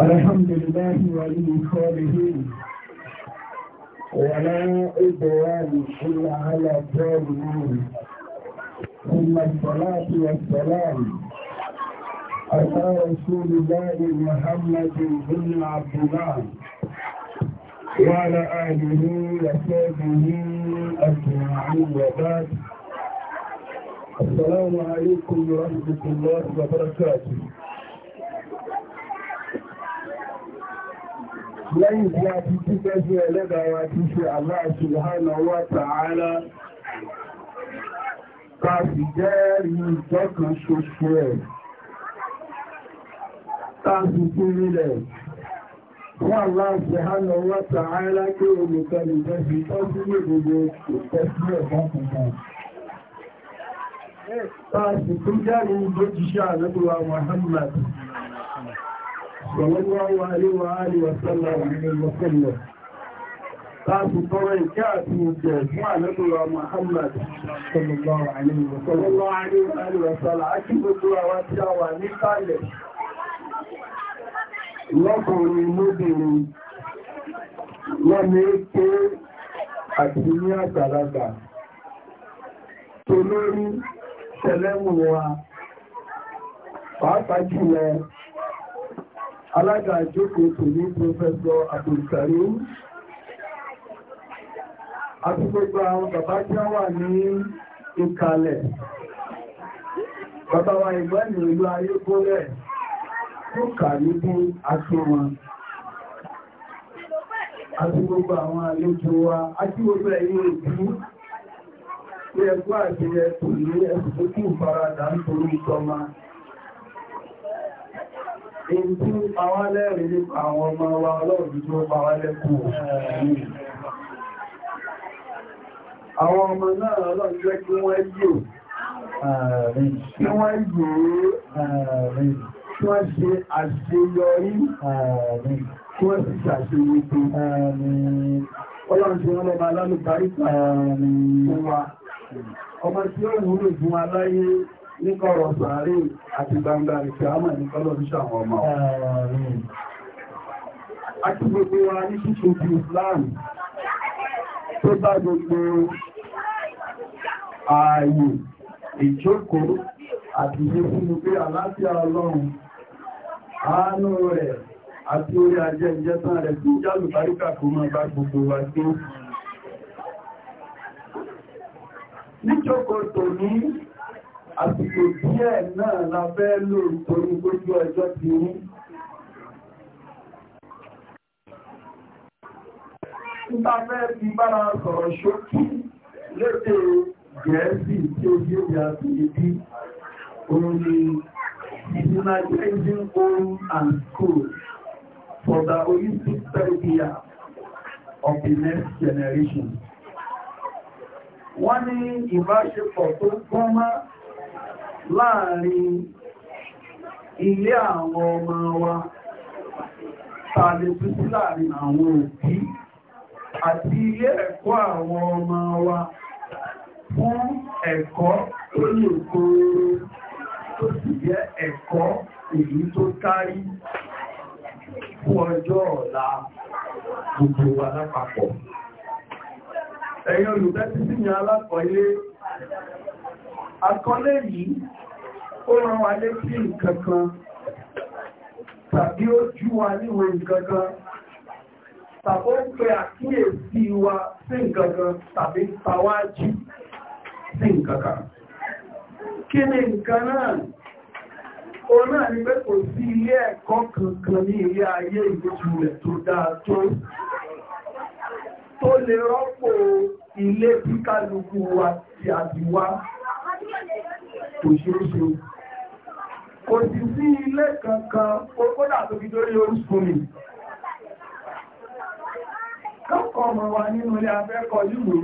الحمد لله ولي الصالحين ولا عدوان إلا على الظالمين ثم الصلاة والسلام على رسول الله محمد بن عبد الله وعلى آله وصحبه أجمعين وبعد السلام عليكم ورحمة الله وبركاته lẹ́yìn tí a ti tí fẹ́jú ẹlẹ́dàwà ti ṣe Allah subhanahu wa ta'ala káàkì jẹ́rì ìjọ́kan ṣoṣo ẹ̀ káàkì tí rílẹ̀ fún Allah subhanahu wa ta'ala kí olùkan ìjẹ́sì tọ́jú ní gbogbo ìtẹ́sí ẹ̀fọ́n kùnkùn tó jẹ́ ìgbójíṣẹ́ àlẹ́gbọ́wà Muhammad صلى الله عليه وآله وسلم عليه وسلم قاسي طري كاسي مجموعة نبوة محمد صلى الله عليه وسلم صلى الله عليه وآله وسلم أكيد الدعاء واتشاوى نقال لقوني مدني لميكي أكيني أتلقى تلوري سلام الله pàápàá jùlọ alága ìjókòó tó ní Prọfẹ́sọ Abdulkarim àti àwọn bàbá tí wọ́n wà ní ìkàlẹ̀ bàbá wa ìgbẹ́ ní ìlú ayé bólẹ̀ tó kà níbi aṣọ àwọn àlejò wa àti ẹ̀yìn ní àti ní èyí tí ó pa wá lẹ́rìn ní àwọn ọmọ wa ọlọ́run tí ó pa wá lẹ́kùn àwọn ọmọ náà ọlọ́run jẹ́ kí wọ́n yíò kí wọ́n yíò kí wọ́n ṣe àṣeyọrí kí wọ́n sì ṣàṣeyọrí ọlọ́run tí wọ́n lọ́ba alálùbáríkà ọmọ tí ó wúlò fún aláyé ní kọ́rọ̀ sàárè àti gbangba ìfẹ́hámà ní kọ́lọ̀ ní ṣàwọn ọmọ. A ti gbogbo wa ní ṣíṣe ti Islam tó bá gbogbo ààyè ìjókòó àti ìyẹ́fúnni pé àlàáfíà ọlọ́run àánú rẹ̀ àti orí ajẹ́ ìjẹ́sán rẹ̀ tí jálù báríkà kó máa bá gbogbo wa gbé. Níjókòó tòní àsìkò díẹ̀ náà la fẹ́ lò torí gbójú ọjọ́ ti ní ìtafẹ́ ti bára sọ̀rọ̀ ṣókí lédè gẹ̀ẹ́sì tí ó yé ìyà sí ibi orí ìdínà changing and school for the holistic therapy of the next generation wọ́n ní ìbáṣepọ̀ tó gbọ́nmá láàrin ilé àwọn ọmọ wa tàbí títí láàrin àwọn òbí àti ilé ẹ̀kọ́ àwọn ọmọ wa fún ẹ̀kọ́ tó lè kóró tó sì jẹ́ ẹ̀kọ́ èyí tó kárí fún ọjọ́ ọ̀la gbogbo wa lápapọ̀. Ẹ̀yin olùtẹ́sí sí ni alákọ̀ọ́lé àkọlé yìí ó rán wa létí nǹkankan tàbí ó jú wa níwò nǹkankan tàbí ó pè àkíyèsí wa sí nǹkankan tàbí tàwájí sí nǹkankan kí ni nǹkan náà o náà ni pé kò sí ilé ẹ̀kọ́ kankan ní ilé ayé ìgbésùnlẹ̀ tó dáa tó tó lè rọ́pò ilé tí kálukú wa kò ṣeéṣe kò sí sí ilé kankan kódà tó fi dórí orísùnmí kọ́kọ́ ọmọ wa nínú ilé afẹ́kọ̀ọ́ ìlú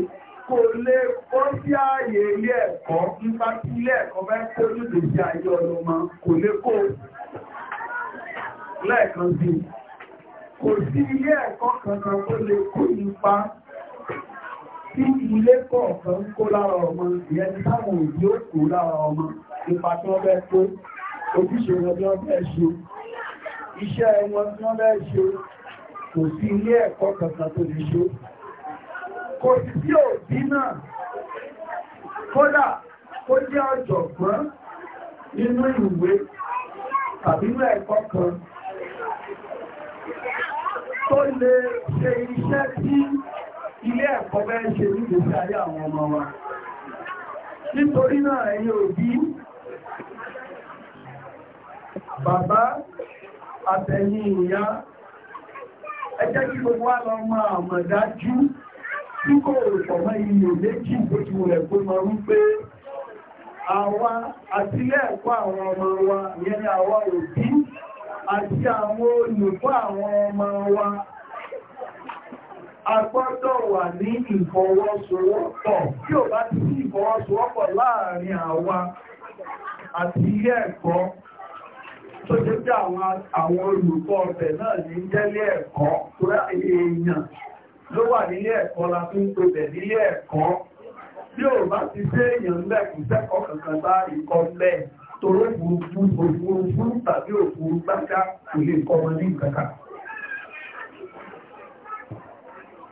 kò lè kọ́ sí ààyè ilé ẹ̀kọ́ nípa tí ilé ẹ̀kọ́ bẹ́ kó lùdè sí ayé ọlọ́mọ kò lè kó lẹ́ẹ̀kan sí kò sí ilé ẹ̀kọ́ kankan kó lè kó nípa tí ilé kọ̀ọ̀kan kó lára ọmọ ìyẹn táwọn òbí ó kó lára ọmọ ipa tí wọ́n bẹ́ tó ojúṣe wọn tí wọ́n bẹ́ ṣe iṣẹ́ wọn tí wọ́n bẹ́ ṣe kò sí ilé ẹ̀kọ́ kankan tó lè ṣe kò sí sí òbí náà kódà kó jẹ́ ọ̀jọ̀gbọ́n nínú ìwé tàbí inú ẹ̀kọ́ kan tó lè ṣe iṣẹ́ tí ilé ẹ̀kọ́ bẹ́ẹ̀ ṣe ní ìgbésí ayé àwọn ọmọ wa nítorí náà ẹ̀yin òbí bàbá àtẹ̀yìn ìyá ẹ jẹ́ kí gbogbo wa lọ mọ àmọ̀dájú tí kò pọ̀ mọ́ iye méjì lójú rẹ̀ pé mọ wípé àwa àti ilé ẹ̀kọ́ àwọn ọmọ wa yẹn ni àwa òbí àti àwọn olùkọ́ àwọn ọmọ wa a gbọ́dọ̀ wà ní ìfọwọ́sowọ́pọ̀ tí ò bá ti sí ìfọwọ́sowọ́pọ̀ láàrin àwa àti ilé ẹ̀kọ́ tó jẹ́ pé àwọn olùkọ́ ọ̀bẹ̀ náà ní jẹ́lé ẹ̀kọ́ tó èèyàn ló wà nílé ẹ̀kọ́ la tún tó bẹ̀ nílé ẹ̀kọ́ tí ò bá ti sí èèyàn lẹ́kùn sẹ́kọ̀ọ́ kankan bá ìkọ́ lẹ́ torí òfurufú tàbí òfurufú gbájá kò lè kọ́ wọn ní ìkankan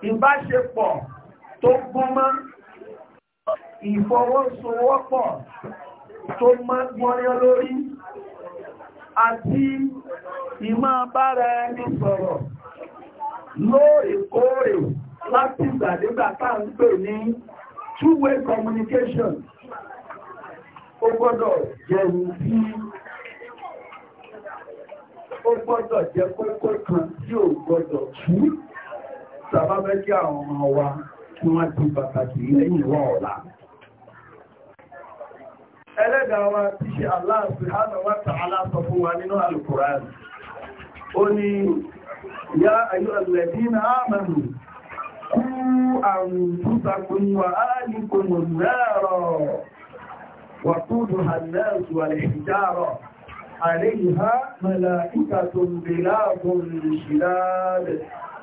ìbáṣepọ̀ tó gúnmọ́ ìfọwọ́sowọ́pọ̀ tó mọ́yán lórí àti ìmọ̀ bára ẹni sọ̀rọ̀ lóòrèkóòrè láti ìgbàdégbà tá ń pè ní two-way communication ó gbọ́dọ̀ jẹun bí ó gbọ́dọ̀ jẹ kókó kan tí ó gbọ́dọ̀ tún tàbá fẹ́ kí àwọn ọmọ wa kí wọ́n ti pàtàkì lẹ́yìn wọ́n ọ̀la ẹlẹ́dàá wa ti ṣe Allah subhanahu wa ta'ala sọ fún wa nínú Al-Qur'an ó ní ya ayyuhal ladina amanu qu عليها ملائكة بلاد شداد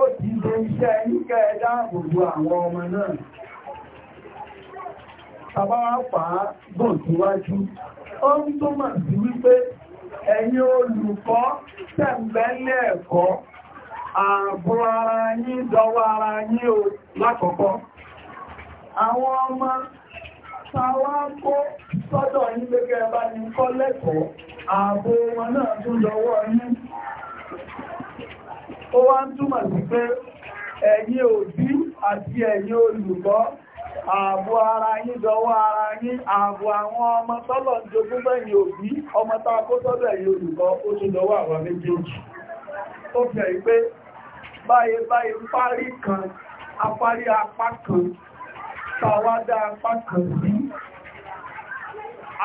ó ti ṣe iṣẹ́ níkẹ́ ẹ̀dá gbogbo àwọn ọmọ náà tàbáwà pàá gùn síwájú ó ń wípé ẹ̀yin olùkọ́ tẹ̀m̀bẹ́lẹ̀ ẹ̀kọ́ ààbò ara ara o Awọn bá ní kọ́ lẹ́kọ̀ọ́ ààbò wọn ó wá ń túmọ̀ sí pé ẹ̀yin òbí àti ẹ̀yin olùkọ́ ààbò ara yín dọwọ́ ara yín ààbò àwọn ọmọ tọ́lọ̀ jogún òbí ọmọ tàà kó tọ́lọ̀ ẹ̀yin olùkọ́ ó tún dọwọ́ àwọn méjèèjì ó baye pé báyé báyé parí kan apárí apá kan tàwádá apá kan sí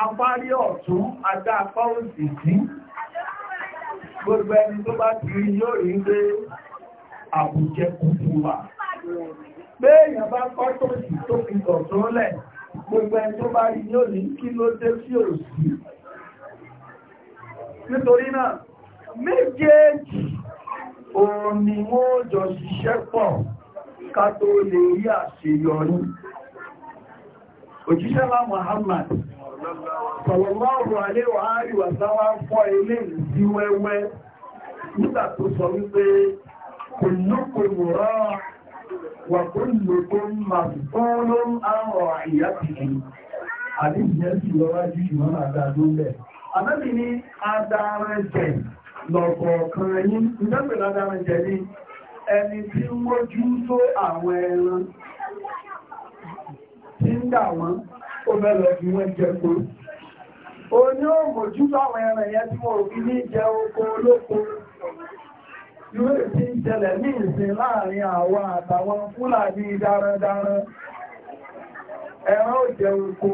apárí ọ̀tún adá gbogbo ẹni tó bá ti rí yóò rí pé àbùjẹ kùkù wà pé èèyàn bá kọ́ tó sì tó fi kọ̀ tó lẹ̀ gbogbo ẹni tó bá rí yóò ní kí ló dé sí òsì nítorí náà méjèèjì òun ni wọ́n jọ ṣiṣẹ́ pọ̀ ká tó lè rí àṣeyọrí òjíṣẹ́ Muhammad Sọ̀wọ̀mọ́ọ̀bù àléwà àríwà sáwá ń fọ́ ilé ìsí wẹ́wẹ́ nígbà tó sọ wípé kò lókò mọ̀rọ̀ wà kó lókò ni ẹni tí tó àwọn ẹran tí ń dà wọ́n ó bẹ̀rẹ̀ bí wọ́n jẹ kó o ní ó mọ̀jú láwọn ẹran yẹn tí wọ́n fi ní jẹ oko olóko yóò ti ń ṣẹlẹ̀ ní ìsìn láàrin àwọn àtàwọn fúlàní darandaran ẹran ó jẹ oko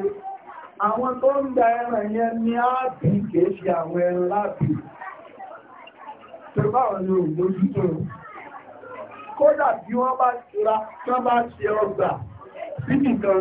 àwọn tó ń gba ẹran yẹn ní áàpì kìí ṣe àwọn ẹran láàpì tó báwọn ni ò mójútó kódà bí wọ́n bá ṣe ọgbà sí nìkan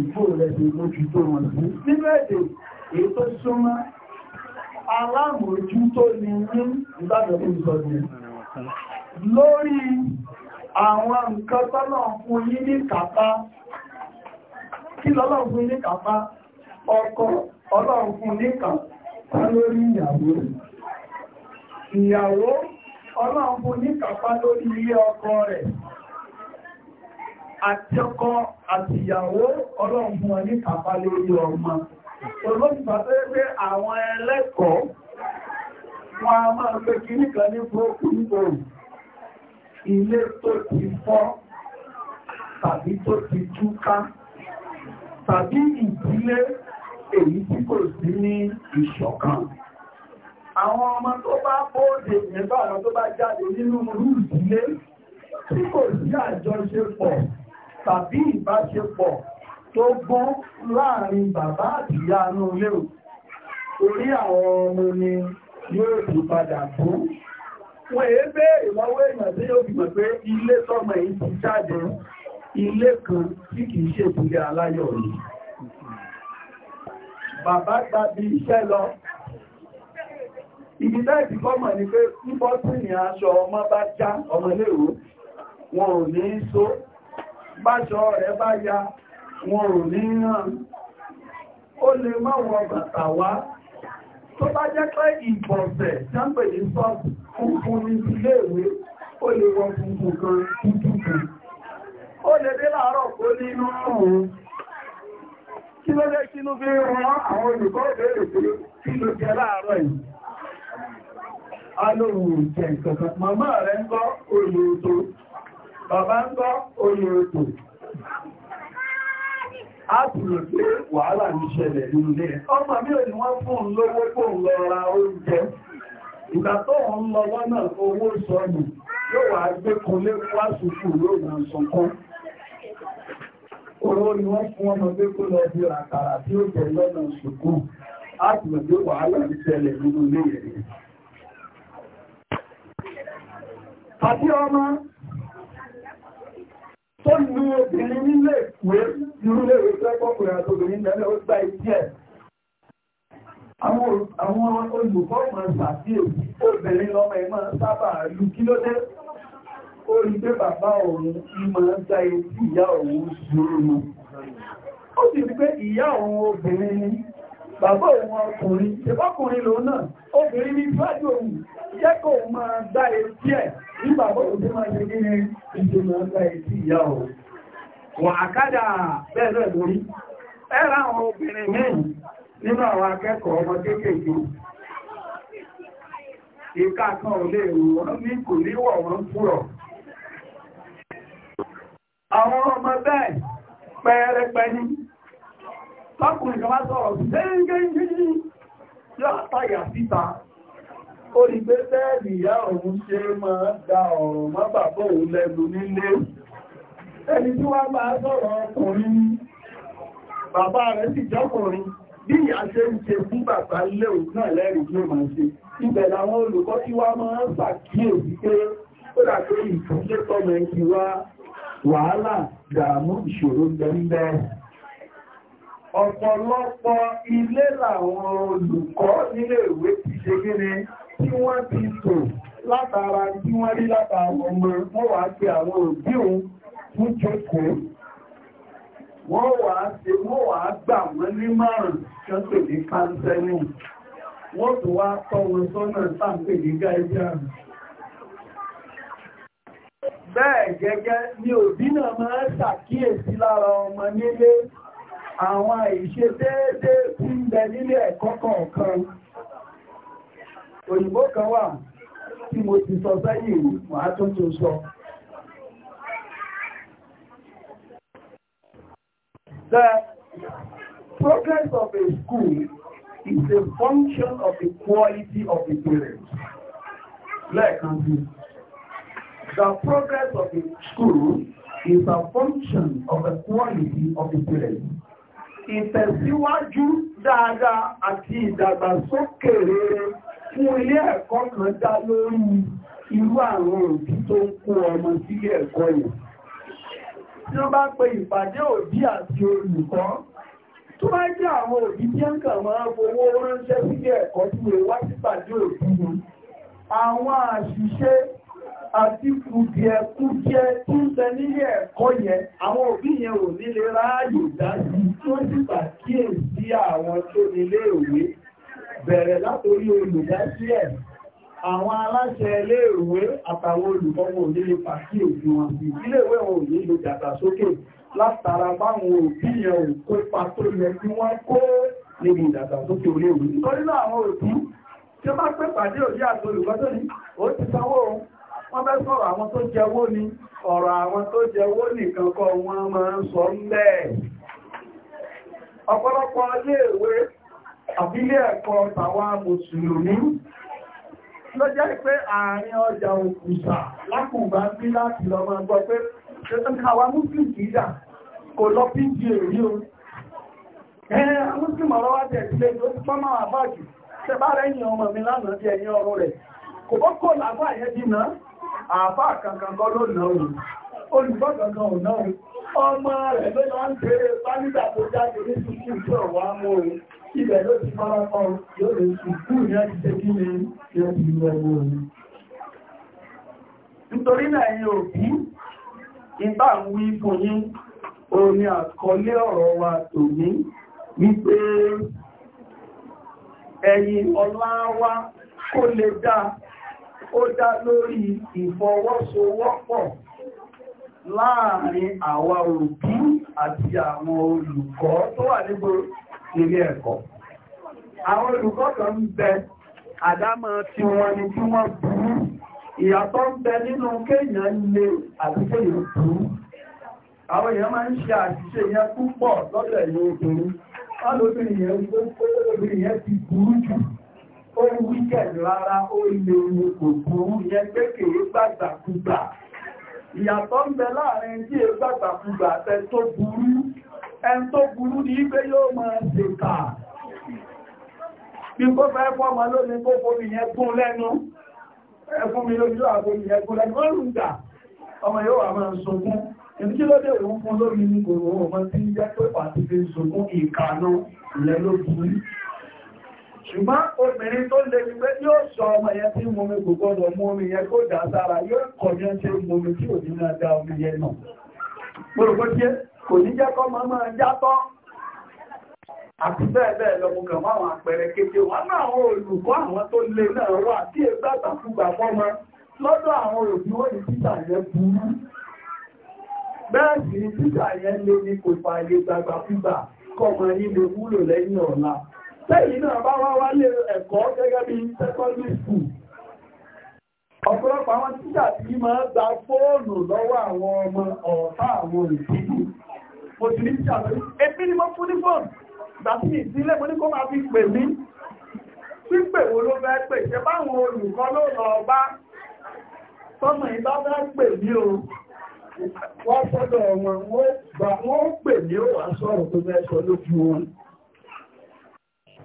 ìfò rẹ̀ ti mójútó wọn alámòjútó ni ní ìbájọ̀bí ìsọ̀dì lórí àwọn nǹkan tọ́lọ̀ fún yí ní kàpá kí ọkọ ọlọ́run fún ní kàpá lórí ìyàwó ìyàwó ọlọ́run fún ní ọkọ rẹ̀ àtẹ́kọ́ àtìyàwó ọlọ́run fún wọn ní kàpá lórí ọmọ olóògbà tó yẹ pé àwọn ẹlẹ́kọ̀ọ́ wọn a máa pé kí nìkan ní broken home ilé tó ti fọ́ tàbí tó ti túká tàbí ìdílé èyí àwọn ọmọ tó bá bóòdè nígbà àwọn tó bá jáde nínú rú ìdílé tí kò sí àjọṣepọ̀ tàbí ìbáṣepọ̀ tó gún láàrin bàbá àti ìyá inú ilé orí àwọn ọmọ ni yóò ti padà fún wọ́n èé bèèrè lọ́wọ́ èèyàn tí yóò gbìmọ̀ pé ilé tọ́mọ èyí ti jáde ilé kan tí kìí ṣe ìpínlẹ̀ aláyọ̀ rí bàbá gba bí iṣẹ́ lọ ibi náà ti kọ́mọ̀ ni pé ń bọ́ sí ní aṣọ ọmọ bá já ọmọ léèrú wọn ò ní so báṣọ rẹ̀ bá ya wọn ò ní ràn ó lè má wọ bàtà wá tó bá jẹ́ pé ìbọ̀sẹ̀ jápẹ̀ ní sọ́ọ̀tù funfun ní ilé ìwé ó lè wọ funfun kan dúdú kan ó lè dé láàárọ̀ kó ní inú ọ̀run kí ló lé kínú fi rán àwọn olùkọ́ ìbéèrè pé kí ló jẹ láàárọ̀ yìí alóhùn ìjẹ̀ ìkọ̀kan màmá rẹ̀ ń kọ́ olùtò Bàbá ń gbọ́ oyè ètò. A ti rò pé wàhálà ń ṣẹlẹ̀ nílé. Ọmọ mi ò ní wọ́n fún un lówó kó ń lọ ra oúnjẹ. Ìgbà tó wọ́n ń lọ lọ́nà owó sọ́nù yóò wà gbé kunlé wá sùkú lóòrùn sọ̀kan. Oró Àbí ọmọ tó ní obìnrin nílé ìwé ìrúlé ìwé tó ẹgbọ́kùnrin àtòbìnrin lẹ́lẹ́ ó gbá ìdí ẹ̀ àwọn olùkọ́ máa ṣàkíyèsí obìnrin lọ́mọ ẹ̀ máa sábà lù kí ló dé ó rí pé bàbá òun ìmọ̀ ń gba etí ìyá òun ṣòro ó sì rí pé ìyá òun obìnrin ni bàbá òun ọkùnrin ìbọ́kùnrin lòun náà obìnrin ní fájú òun jẹ́ kó máa gbá etí ẹ̀ ní bàbá òun tó máa ṣe ní ìjọ máa gbá etí ìyá o wà àkádà bẹ́ẹ̀ lórí ẹ́ra àwọn obìnrin mẹ́rin nínú àwọn akẹ́kọ̀ọ́ ọmọ kéékèèké ìka kan ò lè rù wọ́n ní kò níwọ̀ wọ́n fúrọ̀ àwọn ọmọ bẹ́ẹ̀ pẹ́ẹ́rẹ́pẹ́ ní tọ́kùnrin kan bá sọ̀rọ̀ gẹ́gẹ́gẹ́gẹ́ yóò àtàyà síta ó rí pé bẹ́ẹ̀lì ìyá òun ṣe máa da ọ̀rọ̀ má bàbá òun lẹ́nu nílé ẹni tí wá bá sọ̀rọ̀ ọkùnrin bàbá rẹ̀ sì jọ́kùnrin bí ìyá ṣe ń ṣe fún bàbá lé òun náà lẹ́rìí ló máa ṣe ibẹ̀ làwọn olùkọ́ tí wá máa ń ṣàkíyèsí pé ó dà pé ìtúnṣe tọ́mọ ẹ̀kí wá wàhálà dààmú ìṣòro ń bẹ́ẹ̀ ọ̀pọ̀lọpọ̀ ilé làwọn olùkọ́ nílé ìwé ti ṣe gíní tí wọ́n ti tò látara tí wọ́n rí látara ọmọ wọ́n wá pé àwọn òbí òun fún jókòó wọ́n wá ṣe wọ́n wá gbà wọ́n ní márùn tó pè ní kánsẹ́lì wọ́n tó wá tọ́ wọn sọ́nà sáàpè ní gáíjà bẹ́ẹ̀ gẹ́gẹ́ ni òbí náà máa ṣàkíyèsí lára ọmọ nílé àwọn ìṣe déédé ń bẹ nílé ẹ̀kọ́ kọ̀ọ̀kan òyìnbó kan wà tí mo ti sọ sẹ́yìn màá tó tó sọ The progress of a school is a function of the quality of the parents. Lẹ́ẹ̀kan sí. The progress of a school is a function of the quality of the parents ìtẹ̀síwájú dáadáa àti ìdàgbàsókè rere fún ilé ẹ̀kọ́ kan dá lórí irú àwọn òbí tó ń kó ọmọ sílé ẹ̀kọ́ yẹn tí wọ́n bá pe ìpàdé òbí àti olùkọ́ tó bá jẹ́ àwọn òbí tí ń kàn máa fowó ránṣẹ́ sílé ẹ̀kọ́ tí wọ́n wá sípàdé òbí àti kùdìẹ̀kùdìẹ̀ tí ń bẹ nílé ẹ̀kọ́ yẹn àwọn òbí yẹn ò nílé ráàyè dájú tó sì pàkíyèsí àwọn tó nílé ìwé bẹ̀rẹ̀ látòrí olùdásílẹ̀ àwọn aláṣẹ ilé ìwé àtàwọn olùkọ́mọ̀ onílé pàtí òfin wọn sí ilé ìwé wọn ò ní lo dàgbàsókè látara báwọn òbí yẹn ò kópa tó yẹ kí wọ́n kó níbi ìdàgbàsókè orí ìwé nítorí náà àwọn òbí tí ó bá pẹ́ pàdé òbí àti olùkọ́ tó ní ó ti sanwó wọ́n fẹ́ sọ̀rọ̀ àwọn tó jẹwó ni ọ̀rọ̀ àwọn tó jẹwó nìkan kọ́ wọn máa ń sọ ń bẹ́ẹ̀ ọ̀pọ̀lọpọ̀ iléèwé àbílẹ̀ ẹ̀kọ́ tàwa mùsùlùmí ló jẹ́ pé àárín ọjà òkùsà lákùnbá bí láti lọ máa gbọ́ pé ṣetánkáwà muslim kìí dà kò lọ bí èrí o ẹ̀ẹ́ muslim ọ̀rọ̀ wá jẹ́ tó ti pọ́ bá rẹ̀ ọmọ mi lánàá àfá kankan kọ́ ló náà wù olùgbọ́ kankan ò náà ọmọ rẹ̀ ló máa ń tèrè pálídà tó jáde ní ṣùkú tí ò wá mú o ibẹ̀ ló ti fara kan yóò lè ṣùkú ní ẹ̀kí ṣe kí ni yóò ti lọ wù o nítorí náà ẹ̀yin òbí ìbá ń wí fún yín omi àkọlé ọ̀rọ̀ wa tòní wípé ẹ̀yin ọlá wa kó lè dáa ó dá lórí ìfọwọ́sowọ́pọ̀ láàrin àwa òbí àti àwọn olùkọ́ tó wà níbo ilé ẹ̀kọ́. Àwọn olùkọ́ kan ń bẹ àdámọ̀ tí wọ́n ni tí wọ́n burú. Ìyàtọ̀ ń bẹ nínú kéèyàn lè àti kéèyàn burú. Àwọn èèyàn máa ń ṣe àṣìṣe yẹn púpọ̀ lọ́dọ̀ ẹ̀yìn obìnrin. Wọ́n lóbìnrin yẹn ti burú jù ó wíkẹ̀ rárá ó ilé omi kò burú yẹn pé kèé gbàgbàkúgbà ìyàtọ̀ ń bẹ láàrin tí è e gbàgbàkúgbà tẹ tó burú ẹn tó burú ní ibẹ̀ yóò máa ṣèkà bí kó fẹ́ fọ́mọ lónìí kó fomi yẹn gún lẹ́nu ẹfún mi lójú àfomi yẹn gún lẹ́nu ó rùgbà ọmọ yóò wà máa sunkún ń jẹ́ ṣùgbọ́n obìnrin tó lè rí pé yóò sọ ọmọ yẹn tí mú mi gbogbo ọ̀dọ̀ mú mi yẹn kó dá sára yóò kọ̀ ní ọ́n tí ó mú mi tí ò ní máa dá omi yẹn náà gbogbo tí kò ní jẹ́ kọ́ máa máa játọ́ àti bẹ́ẹ̀ bẹ́ẹ̀ lọ mú kàn máwọn àpẹẹrẹ kéde wọn náà àwọn olùkọ́ àwọn tó lè náà rọ àti ẹgbẹ́ àtàkùgbà fọ́mọ lọ́dọ̀ àwọn òbí wọ́n ní títà yẹn burú bẹ́ẹ̀ sì ní títà yẹn lé ní kò fààyè gbàgbàkúgbà kọ́mọ yìí lè wúlò lẹ́yìn ọ̀la Tẹ́yìn náà bá wá wálé ẹ̀kọ́ gẹ́gẹ́ bí secondary school. Ọ̀pọ̀lọpọ̀ àwọn tíṣà tí máa gba fóònù lọ́wọ́ àwọn ọmọ ọ̀tá àwọn olùsíkù. Mo ti ní tíṣà lórí, èmi ni mo fún ní fóònù, ìgbàtí ìdílé mo ní kó máa fi pè mí. Pípè wo ló fẹ́ pè, ṣe báwọn olùkọ́ ló lọ bá tọ́mọ̀ ìbá bá pè mí o wọ́n sọ́dọ̀ wọn wọ́n pè mí o wà sọ́rọ̀ tó mẹ́sọ lójú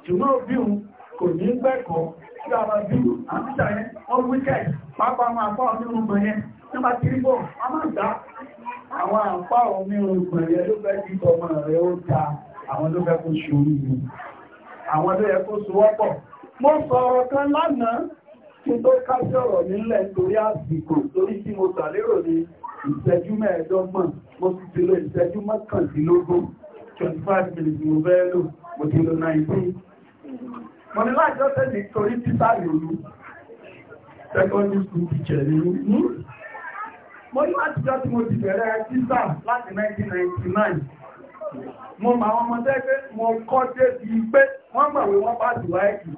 ṣùgbọ́n òbí òun kò ní gbẹ́kọ̀ọ́ tí a bá bí àmìṣà yẹn wọ́n wíkẹ̀ pápá àwọn àpá onírùngbọ̀n yẹn ma tí bọ́ a máa dá àwọn àpá onírùngbọ̀n yẹn ló fẹ́ kí ọmọ rẹ̀ ó ta àwọn ló fẹ́ kó mi àwọn ló yẹ kan lánàá kí tó nílẹ̀ nítorí àsìkò torí tí mo sàlérò ní ìṣẹ́jú mẹ́ẹ̀ẹ́dọ́gbọ̀n mo sì ti 25 minutes mo fẹ́ 19 Mo ní láti ọ́tẹ́ nítorí títà ìrònú, secondary school teacher ni ó ní. Mo ní láti jọ tí láti 1999. Mo máa wọn mọ́tẹ́ mo kọ́ dé bí pé wọ́n wọ́n bá ti ẹ̀kì.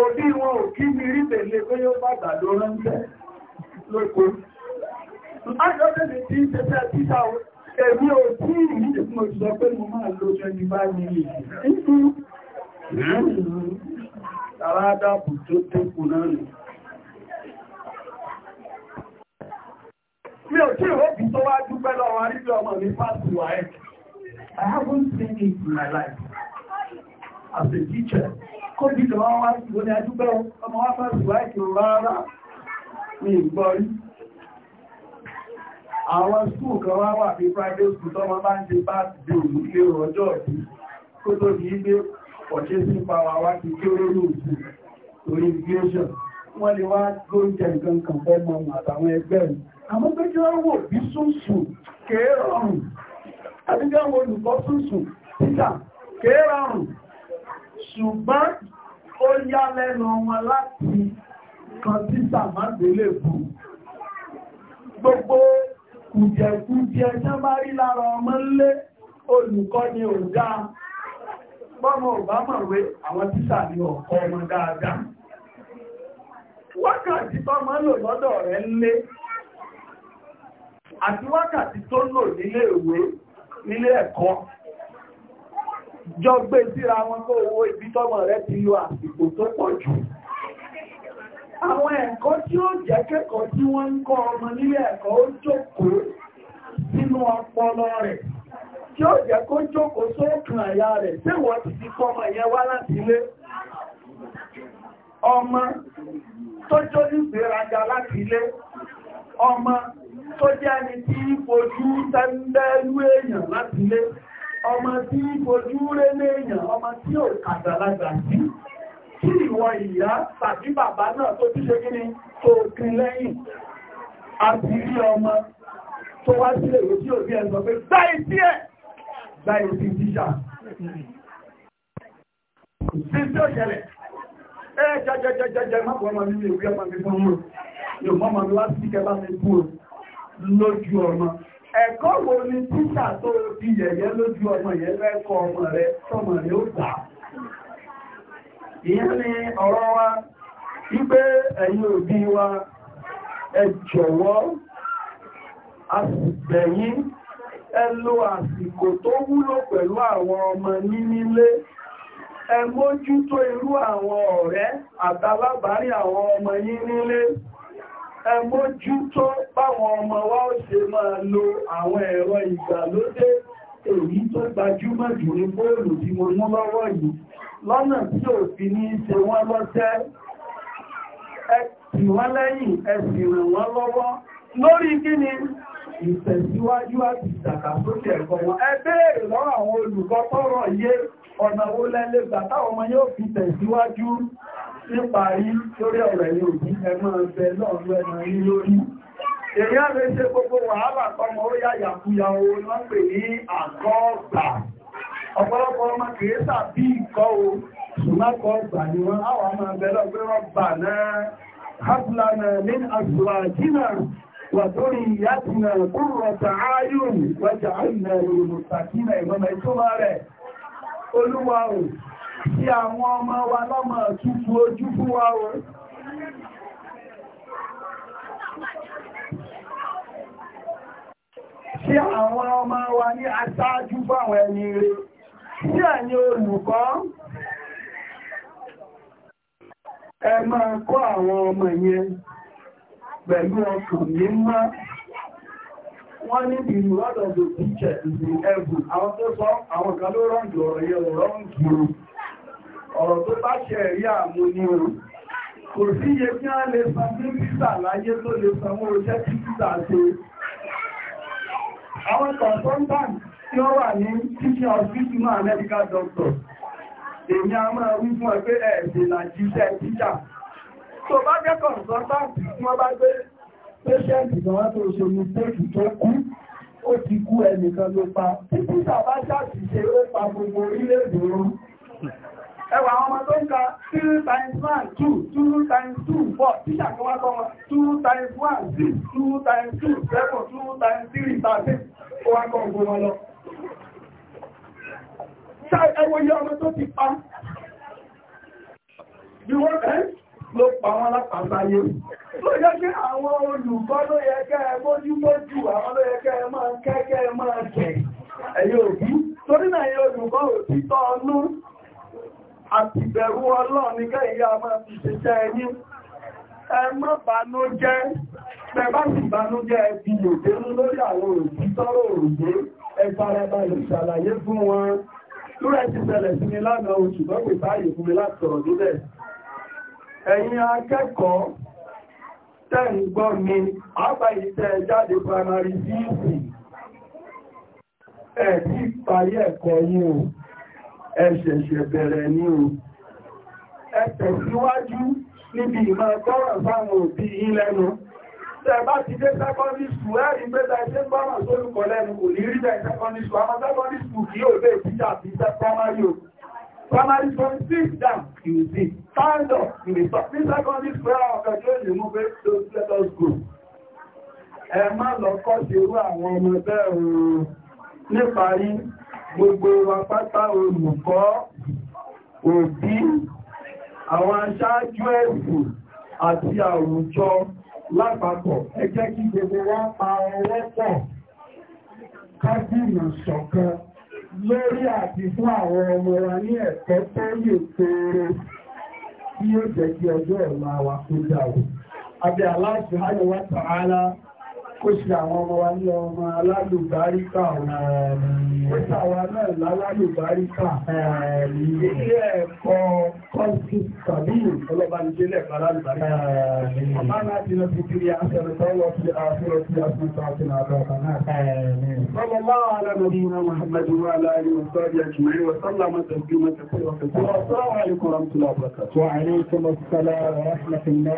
Òbí wọn ò kí mi rí pé yóò bá gbàdó ránṣẹ́ lóko. Láti lo Mi ò tí ìwé tó wá dúpẹ́ lọ́wọ́ arílẹ̀ ọmọ mi pàtàkì wà ẹ̀. I haven't seen it in my life. As a teacher, kó bí lọ wá ìwé ni adúpẹ́ ọmọ wá pàtàkì wà ẹ̀ kì rárá mi ìgbọ́rí. Àwọn purchasing power wá ti kéré ní òkú torí inflation wọ́n lè wá góńjẹ nǹkan kan fẹ́ mọ àtàwọn ẹgbẹ́ rẹ̀ àmọ́ pé kí wọ́n wò bí sùnsùn kéé rọrùn àti kí wọ́n wò olùkọ́ sùnsùn títà kéé rọrùn ṣùgbọ́n ó yá lẹ́nu wọn láti kan títà má délé fún gbogbo kùjẹ̀kùjẹ tán lára ọmọ nlé olùkọ́ ni ò dáa bọ́mọ ọ̀bá mọ̀wé àwọn tíṣà ní ọ̀kọ́ ọmọ dáadáa wákàtí tọ́mọ lò lọ́dọ̀ rẹ̀ lé àti wákàtí tó lò nílé ìwé nílé ẹ̀kọ́ jọ gbé síra wọn kó owó ibi tọ́mọ rẹ̀ ti lo àsìkò tó pọ̀ jù àwọn ẹ̀kọ́ tí ó jẹ́ kẹ́kọ̀ọ́ tí wọ́n ń kọ́ ọmọ nílé ẹ̀kọ́ ó jókòó sínú tí ó jẹ́ kó jókòó sókàn àyà rẹ̀ tí wọ́n ti fi kọ́ ọmọ yẹn wá láti ilé ọmọ tó jó ní ìgbéraga láti ilé ọmọ tó jẹ́ ẹni tí fojú tẹ́ndẹ́lú èèyàn láti ilé ọmọ tí fojú rẹ̀ léèyàn ọmọ tí ò kàgbàlagbà sí kí ìwọ ìyá tàbí bàbá náà tó ti ṣe kíni tó kín lẹ́yìn àti rí ọmọ tó wá sílẹ̀ ìwé tí ò pé báyìí sí ẹ̀ láì sí tíṣà sí tí ó ṣẹlẹ̀ ẹ jẹjẹjẹjẹjẹ má bọ́ ọmọ mi ìwé ọmọ mi fún mọ́ yóò mọ́ ọmọ wá sí bá ọmọ ẹ̀kọ́ wo ni tíṣà tó yẹ̀yẹ́ lójú ọmọ yẹn ọmọ rẹ tọmọ rẹ ó wa wípé ẹ̀yin wa ẹ jọ̀wọ́ a ẹ lo àsìkò tó wúlò pẹ̀lú àwọn ọmọ yín nílé ẹ mójútó irú àwọn ọ̀rẹ́ àtàlábàárí àwọn ọmọ yín nílé ẹ mójútó báwọn ọmọ wa ó ṣe máa lo àwọn ẹ̀rọ ìgbàlódé èyí tó gbajúmọ̀ jù ní bóòlù tí mo mú lọ́wọ́ yìí lọ́nà tí ò fi ní ṣe wọ́n lọ́tẹ̀ ẹ tì wọ́n lẹ́yìn ẹ sì ràn wọ́n lọ́wọ́ lórí kíni ìtẹ̀síwájú àti ìdàgbàsókè ẹ̀kọ́ wọn ẹ béèrè lọ́wọ́ àwọn olùkọ́ tọ́rọ̀ yé ọ̀nà wo lẹ́lẹ́ gbà táwọn ọmọ yóò fi tẹ̀síwájú níparí lórí ọ̀rọ̀ ẹ̀yìn òbí ẹmọ́ ọ̀bẹ̀ lọ́rọ̀ ẹ̀nà yí lórí èyí á lè ṣe gbogbo wàhálà tọmọ ó yá yàkúyà o lọ́n pè ní àkọ́ọ̀gbà ọ̀pọ̀lọpọ̀ ọmọ kìrìsà bí ìkọ́ o ṣùgbọ́kọ̀ọ̀gbà ni wọ́n á wà máa bẹ̀lọ́ pé náà hábùlà náà ní àjùwà jìnà وذريتنا قرة عين واجعلنا للمتقين إماما ìtumọ̀ rẹ̀ Olúwa o sí àwọn ọmọ wa ojú sí àwọn ọmọ wa ní aṣáájú àwọn ẹni rẹ̀ sí ẹ̀yin olùkọ́ ẹ máa kọ́ àwọn ọmọ yẹn pẹ̀lú ọkàn mímọ́ wọ́n ní the reward of the teacher is in heaven àwọn tó sọ àwọn kan ló rọ́ǹdì ọ̀rọ̀ yẹ o ọ̀rọ̀ tó bá ṣe ẹ̀rí àmú ní o kò sí iye kí á lè san ní písà láyé tó lè sanwó oṣẹ́ tí písà ṣe àwọn tí ó wà ní a máa wí fún ẹgbẹ́ làjíṣẹ́ tó bá jẹ́ kọ̀ǹsọ́táǹtì tí wọ́n bá gbé pẹ́ṣẹ́ǹtì kan wá tó ṣe ní pẹ́ẹ̀kì tó kú ó ti kú ẹnìkan ló pa títí tàbá ṣáàtì ṣe ó pa gbogbo orílẹ̀-èdè rú ẹwà àwọn ọmọ tó ń ka 3 times 1 2 2 times 2 4 tíṣà tó wá kọ́ wọn 2 times 1 6 2 times 2 7 2 times 3 13 ó wá kọ́ gbogbo wọn lọ ṣáà ẹwọ iye ọmọ tó ti pa bí wọ́n ẹ́ ló pa wọ́n lápàáyé ló yẹ kí àwọn olùkọ́ ló yẹ kẹ́ ẹ mójúmójú àwọn ló yẹ kẹ́ ẹ máa kẹ́kẹ́ ẹ máa jẹ ẹ̀yẹ òbí torí náà yẹ olùkọ́ òtítọ́ ọnú àti ìbẹ̀rù Ọlọ́run kẹ́ ìyá máa fi ṣiṣẹ́ ẹ̀yin akẹ́kọ̀ọ́ tẹ́ ń gbọ́ mi àbá ìtẹ́ jáde primary fíìsì ẹ̀ tí parí ẹ̀kọ́ yín o ẹ ṣẹ̀ṣẹ̀ bẹ̀rẹ̀ ní o ẹ tẹ̀síwájú níbi ìmọ̀ gbọ́rọ̀ fáwọn òbí yín lẹ́nu tẹ́ bá ti dé secondary school ẹ̀rí pé tẹ́ṣẹ́ gbọ́rọ̀ sólùkọ́ lẹ́nu kò ní rí tẹ́ secondary school àwọn secondary school Primary from six down, you will see. Stand up, you will stop. This secondary square of the church, you move it to let us go. Ẹ má lọ kọ́ sí irú àwọn ọmọ ẹgbẹ́ òòrùn níparí gbogbo wa pátá olùkọ́, òbí, àwọn aṣáájú ẹ̀sùn àti àwùjọ lápapọ̀. Ẹ jẹ́ kí gbogbo wa pa ọwọ́ pọ̀ ká dìnà ṣọ̀kan lórí àti fún àwọn ọmọ wa ní ẹ̀kọ́ tó lè tóóró tí yóò jẹ́ kí ọjọ́ ọ̀la wa kó dáa. Àbí Allah subhanahu wa ta'ala kó ṣe àwọn ọmọ wa ní ọmọ alálùbáríkà ọ̀nà wa náà lálálùbáríkà ilé ẹ̀kọ́ kọ́ńtì tàbí ìfọlọ́bà ní ilé ẹ̀kọ́ alálùbáríkà ọmọ láti lọ sí kiri àṣẹrẹ tọ́lọ sí àṣẹrẹ sí àṣẹrẹ àti àbàbà náà sọlọ bá wà lẹ́nu bí iná muhammadu wa aláàrí ọ̀sọ́rí àjùmọ̀rí wa sọlá mọ́ tẹ̀sí mọ́ tẹ̀kọ́